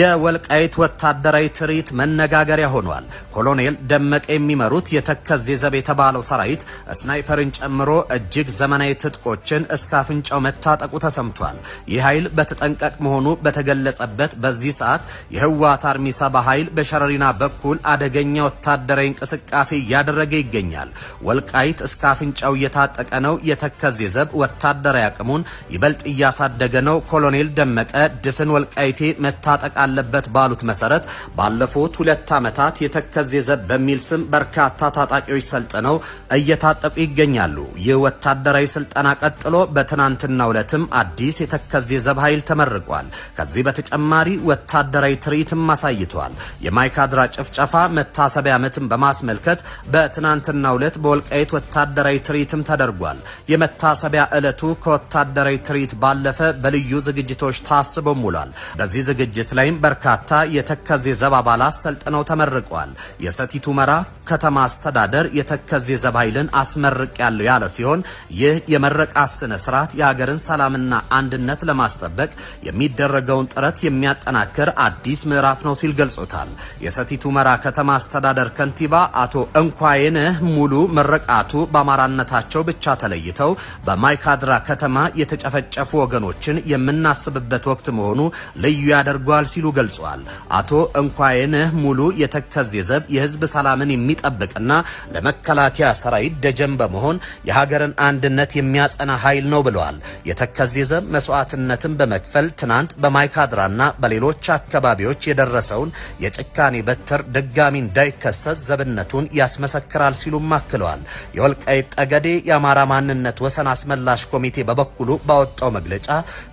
የወልቃይት ወታደራዊ ትርኢት መነጋገሪያ ሆኗል። ኮሎኔል ደመቀ የሚመሩት የተከዜ ዘብ የተባለው ሰራዊት ስናይፐርን ጨምሮ እጅግ ዘመናዊ ትጥቆችን እስከ አፍንጫው መታጠቁ ተሰምቷል። ይህ ኃይል በተጠንቀቅ መሆኑ በተገለጸበት በዚህ ሰዓት የህወሓት አርሚ ሰባ ኃይል በሸረሪና በኩል አደገኛ ወታደራዊ እንቅስቃሴ እያደረገ ይገኛል። ወልቃይት እስከ አፍንጫው እየታጠቀ ነው። የተከዜ ዘብ ወታደራዊ አቅሙን ይበልጥ እያሳደገ ነው። ኮሎኔል ደመቀ ድፍን ወልቃይቴ መታጠቃ አለበት ባሉት መሰረት ባለፉት ሁለት ዓመታት የተከዜ ዘብ በሚል ስም በርካታ ታጣቂዎች ሰልጥነው እየታጠቁ ይገኛሉ። ይህ ወታደራዊ ስልጠና ቀጥሎ በትናንትናው ዕለትም አዲስ የተከዜ ዘብ ኃይል ተመርቋል። ከዚህ በተጨማሪ ወታደራዊ ትርኢትም አሳይቷል። የማይካድራ ጭፍጨፋ መታሰቢያ ዓመትን በማስመልከት በትናንትናው ዕለት በወልቃይት ወታደራዊ ትርኢትም ተደርጓል። የመታሰቢያ ዕለቱ ከወታደራዊ ትርኢት ባለፈ በልዩ ዝግጅቶች ታስቦ ሙሏል። በዚህ ዝግጅት ላይም በርካታ የተከዜ ዘብ አባላት ሰልጥነው ተመርቀዋል። የሰቲት ሁመራ ከተማ አስተዳደር የተከዝ ዘብ ኃይልን አስመርቅ ያለው ያለ ሲሆን ይህ የመረቃ ስነ ስርዓት የሀገርን ሰላምና አንድነት ለማስጠበቅ የሚደረገውን ጥረት የሚያጠናክር አዲስ ምዕራፍ ነው ሲል ገልጾታል። የሰቲት ሁመራ ከተማ አስተዳደር ከንቲባ አቶ እንኳይነህ ሙሉ መረቃቱ በአማራነታቸው ብቻ ተለይተው በማይካድራ ከተማ የተጨፈጨፉ ወገኖችን የምናስብበት ወቅት መሆኑ ልዩ ያደርገዋል ሲሉ ገልጿል። አቶ እንኳይነህ ሙሉ የተከዝ የዘብ የህዝብ ሰላምን የሚ የሚጠብቅና ለመከላከያ ሰራዊት ደጀን በመሆን የሀገርን አንድነት የሚያጸና ኃይል ነው ብለዋል። የተከዜ ዘብ መስዋዕትነትን በመክፈል ትናንት በማይካድራና በሌሎች አካባቢዎች የደረሰውን የጭካኔ በትር ድጋሚ እንዳይከሰት ዘብነቱን ያስመሰክራል ሲሉም አክለዋል። የወልቃይት ጠገዴ የአማራ ማንነት ወሰን አስመላሽ ኮሚቴ በበኩሉ ባወጣው መግለጫ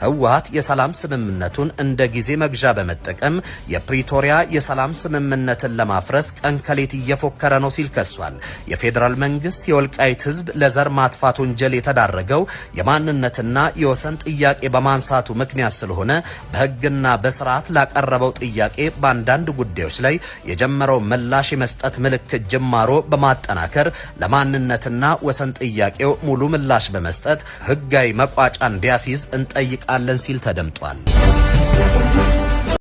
ህወሀት የሰላም ስምምነቱን እንደ ጊዜ መግዣ በመጠቀም የፕሪቶሪያ የሰላም ስምምነትን ለማፍረስ ቀንከሌት እየፎከረ እየተፈጠረ ነው ሲል ከሷል። የፌዴራል መንግስት የወልቃይት ህዝብ ለዘር ማጥፋት ወንጀል የተዳረገው የማንነትና የወሰን ጥያቄ በማንሳቱ ምክንያት ስለሆነ በህግና በስርዓት ላቀረበው ጥያቄ በአንዳንድ ጉዳዮች ላይ የጀመረው ምላሽ የመስጠት ምልክት ጅማሮ በማጠናከር ለማንነትና ወሰን ጥያቄው ሙሉ ምላሽ በመስጠት ህጋዊ መቋጫ እንዲያስይዝ እንጠይቃለን ሲል ተደምጧል።